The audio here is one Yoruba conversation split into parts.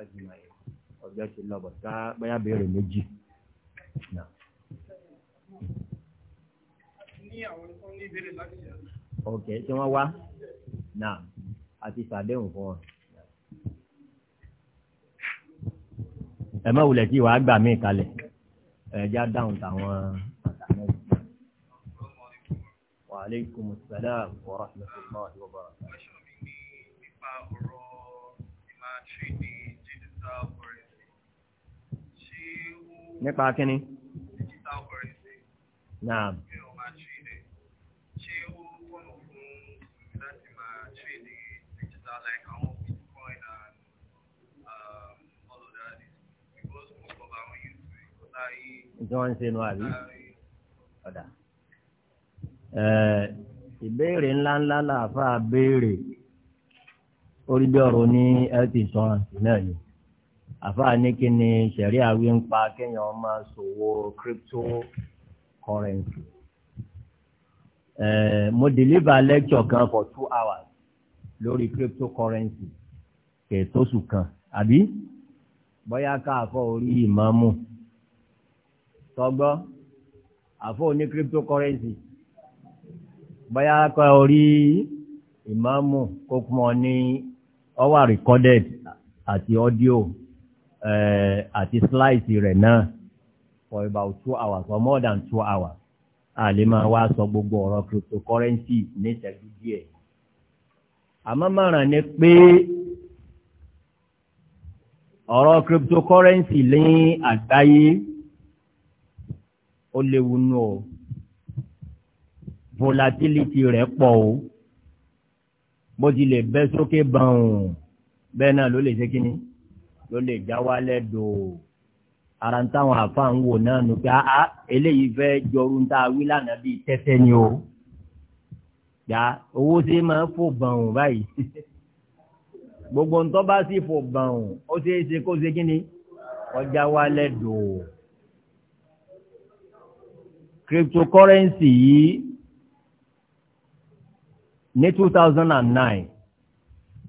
ajma'in ọjọ́ ti lọ bọ̀tá bóyá béèrè méjì. ok tí wọ́n wá náà àti sàdéhùn fún wọn. ẹ má wulẹ̀ tí wàá gbà mí kalẹ̀ ẹ̀já dáhùn táwọn àtàwọn. wa wa rahmatullahi wa barakatuh nípa kínní. náà. tí wọ́n ń ṣe nu àbí ọ̀dà. ìbéèrè ńláńlá làáfàá béèrè orí bí ọ̀rọ̀ ní health insurance náà yìí. àfáà ní kí ni sẹ̀rí àwí ń pa kéèyàn máa ṣòwò cryptocurrency. ẹ mo deliver lecture kan for two hours lórí cryptocurrency kẹtọ́sù kan àbí bóyá ori orí ìmáàmù tọgbọ́ àfọ́ oní cryptocurrency bóyá ká orí ìmáàmù kókùmọ̀ ní ọwà recorded àti audio Eh, àti slice rẹ̀ náà for about two hours or more than two hours a lè máa wá sọ gbogbo ọ̀rọ̀ cryptocurrency ní ìṣẹ́jú díẹ̀ àmọ́ márùn ni pé ọ̀rọ̀ cryptocurrency ní àgbáyé ó léwu nù o volatility rẹ̀ pọ̀ o bó ti lè bẹ́ sókè bá òun bẹ́ẹ̀ náà ló lè ṣe kínní ló lè já wálẹ̀ dò ara ń táwọn àfáà ń wò náà nù pé á eléyìí fẹ́ jọrú ń tá a wí lánàá bíi tẹ́tẹ́ ni o gbà owó tí máa ń fò bàn òun báyìí gbogbo ń tọ́ bá sì fò bàn òun ó ṣeé ṣe kó ṣe kí ọjà wálẹ̀ dò cryptocurrency yìí ní two thousand and nine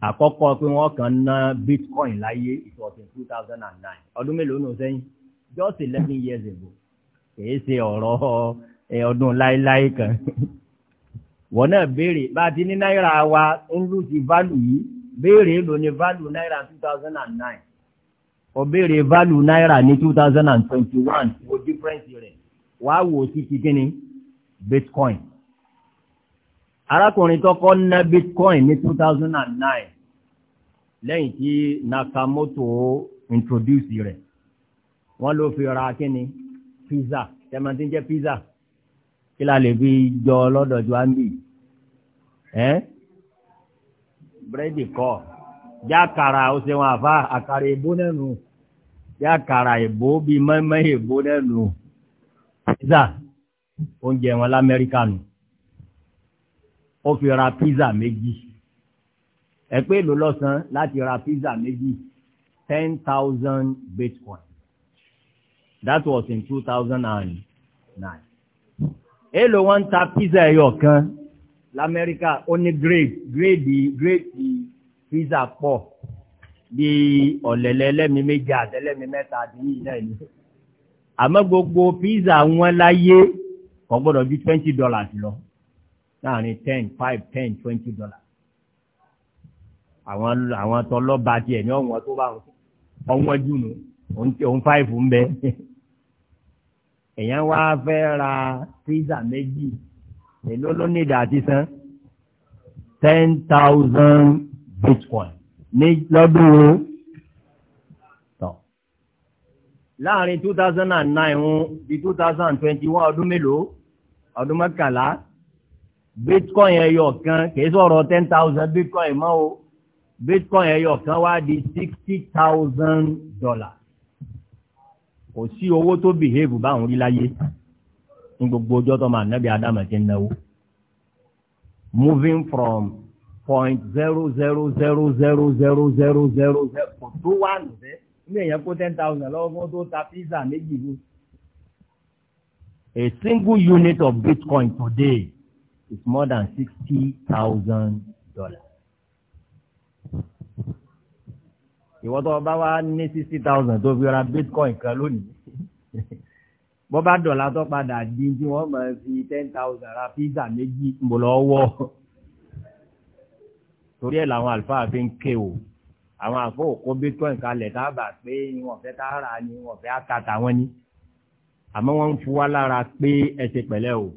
àkọ́kọ́ pé wọ́n kàn ná bitcoin láyé it was in two thousand and nine ọdún mélòó nù sẹ́yìn just eleven years ago kìí ṣe ọ̀rọ̀ ọdún láéláé kan wọ́n náà béèrè bá a ti ní náírà wa ń lù sí value yìí béèrè èlò ní value náírà two thousand and nine ó béèrè value náírà ní 2021, thousand wo difference rẹ̀ wàá wò ó sí ti kíni bitcoin arákùnrin tọ́kọ́ ná bitcoin ní 2009 lẹ́yìn tí Nakamoto introduce rẹ̀ wọ́n ló fi ra kíni pizza tẹ́mọ̀tí ń jẹ́ pizza kí la lè fi jọ lọ́dọ̀ ju ambi ẹ́n búrẹ́dì kọ́ jákàrà ó ṣe wọn àfa àkàrà èbó nẹ́nu jákàrà èbó bíi mẹ́mẹ́ èbó nẹ́nu pizza oúnjẹ wọn lamẹ́ríkà nù. No ó fi ra pizza méjì ẹ pé èlò lọ́sàn láti ra pizza méjì ten thousand bitcoin that was in two thousand and nine èlò wọn ń ta pizza ẹyọ kan lamẹ́ríkà ó ní grade grade grade pizza pọ̀ bí ọ̀lẹ̀lẹ̀ ẹlẹ́mi méjì àtẹlẹ́mi mẹ́ta àti yìí náà ni àmọ́ gbogbo pizza wọn láyé kò gbọ́dọ̀ ju twenty dollars lọ láàrin ten five ten twenty dollar àwọn àwọn tọlọ́ba tiẹ̀ ní ọ̀wọ́n tó bá ọ̀wọ́n jù nù òun five ń bẹ èèyàn wá fẹ́ ra pizza méjì èló ló ní ìdá àti san ten thousand bitcoin ní lọ́dún o tọ̀ láàrin two thousand and nine di two thousand and twenty one ọdún mélòó ọdún mọ́kànlá bitcoin ẹyọ kan kìí sọ̀rọ̀ ten thousand bitcoin mọ́ o bitcoin ẹyọ kan wá di sixty thousand dollars kò sí owó tó bìhéèvù báwọn rí láyé ní gbogbo ọjọ́ tó máa nẹ́bí adama ti náwó moving from point zero zero zero zero zero zero zero zero two one. wà nùbẹ́ ní èèyàn kó ten thousand lọ́wọ́ fún tó ta pizza méjì ni a single unit of bitcoin today is more than sixty thousand dollars. ìwọ́n tó bá wá ní sixty thousand tó fi ra bitcoin kan lónìí bó bá dọ̀là tó padà di tí wọ́n máa fi ten thousand ra pizza méjì mo lọ wọ́ torí ẹ̀ làwọn àlùfáà fi ń ké o àwọn àfọ bitcoin kalẹ̀ tábà pé wọn fẹ́ tá a rà ni wọn fẹ́ àtàtà wọn ni àmọ́ wọ́n ń fún wa lára pé ẹ ṣe pẹ̀lẹ́ o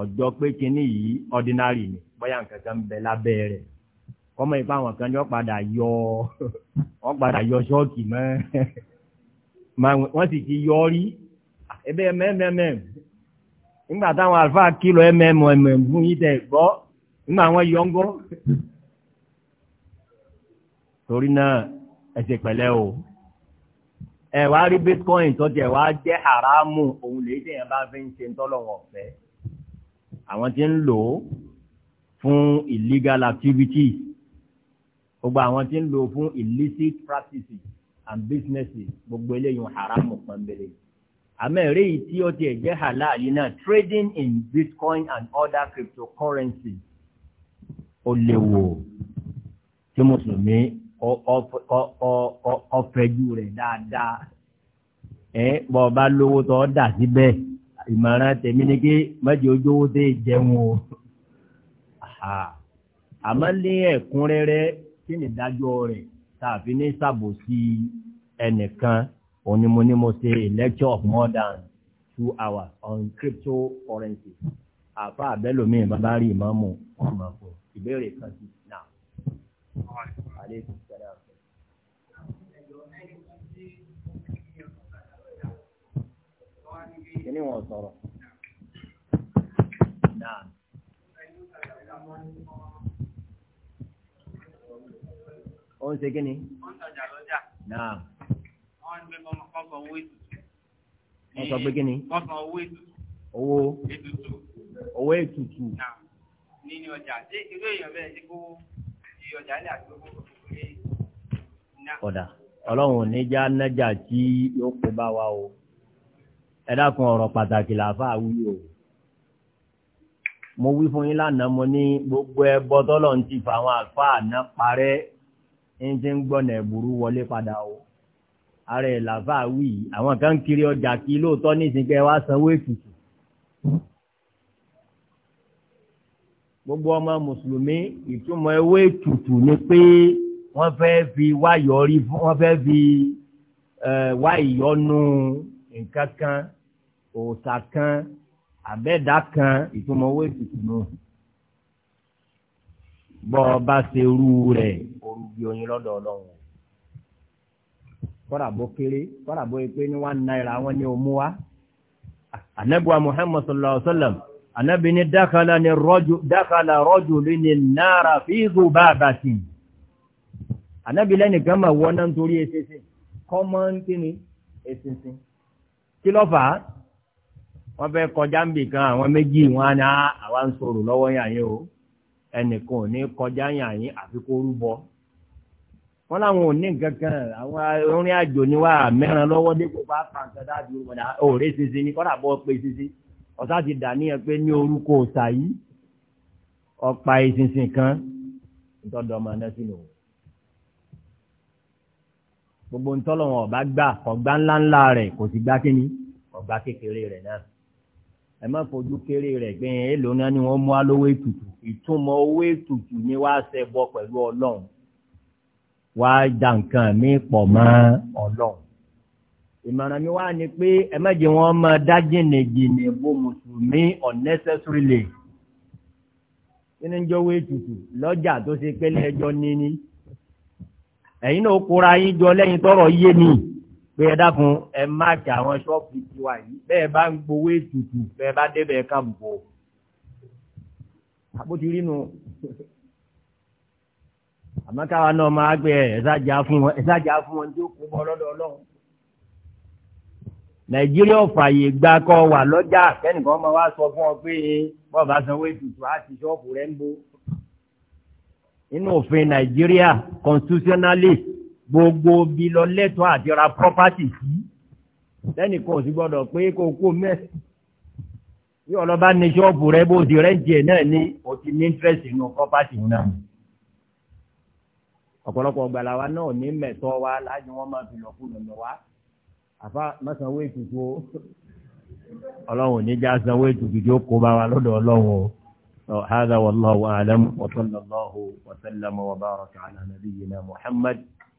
ọjọ́ pé kinní yìí ordinary ni bóyá nǹkan kan ń bẹ lábẹ́ rẹ̀ kọ́mọ ipa àwọn kan yọ padà yọ wọ́n padà yọ ṣọ́ọ̀kì mọ́ wọ́n sì ti yọ rí ebe mẹ́mẹ́mẹ́ nígbà táwọn Alfa kìlọ̀ mẹ́mẹ́mẹ́ fún yín tẹ̀ gbọ́ nígbà wọn yọ ń gbọ́ torí náà ẹ ṣe pẹ̀lẹ́ o ẹ wá rí bitcoin tó jẹ́ wá jẹ́ haramu òun lè dẹ̀ bá fi ń ṣe ń tọ́lọ̀ wọ̀ fẹ́ àwọn tí ń lò ó fún illegal activities gbogbo àwọn tí ń lò ó fún illicit practices and businesses gbogbo eléyìí ń haramu pọnbẹlẹ àmọ́ èrè yìí tí ó tiẹ̀ jẹ́ halal yìí náà trading in bitcoin and other cryptocurrencies ó léwu tí mùsùlùmí ọ̀fẹ́jú rẹ̀ dáadáa ẹ bọ́ ọba lówó tó dà síbẹ̀. Si ìmọ̀ràn tèmi ni pé mẹ́jì ojú owó tẹ́ jẹun o àmọ́ lé ẹ̀kúnrẹ́rẹ́ kí ni ìdájọ́ rẹ̀ tàbí ní sàbòsí ẹnìkan òní mo ní mo ṣe a lecture of more than two hours on cryptocurrency àfa àbẹ́lòmíì bàbá rí ìmọ̀ọ́mù ọmọ ìbéèrè kan sí náà. kíní wọn sọ̀rọ̀. ó ń ṣe kíni. ó ń tọjà lọ́jà. náà. wọ́n ń gbé kọ́mọ kọ́kọ́ owó ètùtù. wọ́n sọ pé kíni. kọ́kọ́ owó ètùtù. owó. ètùtù. owó ètùtù. náà nínú ọjà ṣé irú èèyàn bẹ́ẹ̀ ṣe kó iye ọjà ilé àti owó kò tó lé. ọlọ́run ò ní já nájà tí yóò kó bá wa o ẹ dákun ọ̀rọ̀ pàtàkì làáfà wí o mo wí fún yín lánàá mo ní gbogbo ẹbọ tọ́lọ̀ ń ti fa àwọn àfa àná parẹ́ ń ti ń gbọ́nà ẹ̀bùrú wọlé padà o ara ẹ̀ làáfà wí àwọn kan kiri ọjà kí lóòótọ́ nísìnyí kẹ́ wá sanwó ètùtù gbogbo ọmọ mùsùlùmí ìtumọ̀ ewé ètùtù ni pé wọ́n fẹ́ fi wáyọ̀rí wọ́n fẹ́ fi wá ìyọnu nǹkan kan òòṣà kan àbẹ́ẹ̀dá kan ìtumọ̀ owó ètùtù náà bọ́ ọ bá ṣe irú rẹ̀ orúbi oyin lọ́dọ̀ ọlọ́run kọ́ra bó kéré kọ́ra bó yẹ pé ní wọ́n náírà wọn ní òmu wa anabiwa muhammad sallallahu alaihi wa sallam anabi ni dakala ni rọju dakala rọju ni nara fi zubabati anabi lẹni kan ma wọná nítorí eṣinṣin kọ́mọ́ntì ni eṣinṣin kí ló fà á wọ́n fẹ́ kọjá ń bì kan àwọn méjì wọn á ní àwa ń sọ̀rọ̀ lọ́wọ́ yàn yín o ẹnìkan ò ní kọjá yàn yín àfi kó rúbọ wọn làwọn ò ní nǹkan kan àwọn orin àjò ni wà mẹ́ran lọ́wọ́ dípò bá pa nǹkan dáàbò wọn òòrè ṣinṣin ni kọ́dà bọ́ pé ṣinṣin ọ̀sá ti dà ní ẹ pé ní orúkọ òòṣà yìí ọ̀pá ìṣinṣin kan ìtọ́jú ọmọ náà sínú o gbogbo ntọ́lọ́wọ̀n ọ̀bá gbà ọ̀gbá ńláńlá rẹ̀ kò sì gbá kínní ọ̀gbá kékeré rẹ̀ náà ẹ má fojú kéré rẹ̀ gbé yẹn èlò náà ni wọ́n mú alówó ètùtù ìtumọ̀ owó ètùtù ni wá ṣe bọ pẹ̀lú ọlọ́run wá da nǹkan mi pọ̀ mọ́ ọlọ́run ìmọ̀ràn mi wá ni pé ẹ má jẹ́ wọ́n máa dá jìnnìjìnnì bo mùsùlùmí unnecessarily nínú jọ̀wọ́ ètùtù lọ́jà tó ṣe pé lẹ́jọ́ níní ẹ̀yin náà kóra yín jọ lẹ́yìn tọ́rọ̀ yé ni. Lo, ja, pé ẹ dákun ẹ máàkì àwọn ṣọ́ọ̀bù tiwa yìí bẹ́ẹ̀ bá ń gbowó ètùtù bẹ́ẹ̀ bá débẹ̀ ká bò ó. àbótí rí nu àmọ́ káwa náà máa gbé ẹ̀sájà fún wọn ẹ̀sájà fún wọn tí ó kó bọ́ lọ́dọ̀ ọlọ́run. nàìjíríà ò fààyè gbà kọ́ wà lọ́jà kẹ́nìkan máa wá sọ fún ọ pé bọ́ọ̀ bá sanwó ètùtù á ti ṣọ́ọ̀bù rẹ̀ ń bó. nínú òfin nàìjíríà constitutionalist gbogbo bí lọ lẹ́tọ́ àti ra property sí lẹ́nìkan ò sí gbọ́dọ̀ pé kó kó mẹ́ bí ọlọ́ba ní ṣọ́ọ̀bù rẹ bó di rẹ́ǹtì ẹ̀ náà ní o ti ní interest nínú property náà ọ̀pọ̀lọpọ̀ gbàlà wa náà ní mẹ̀tọ́ wa láti wọ́n máa fi lọ kú lọ́nà wa àfa mọ́sánwó ètùtù ọlọ́run níjà sanwó ètùtù tí ó kó bá wa lọ́dọ̀ ọlọ́run o. هذا والله أعلم وصلى الله وسلم وبارك على نبينا محمد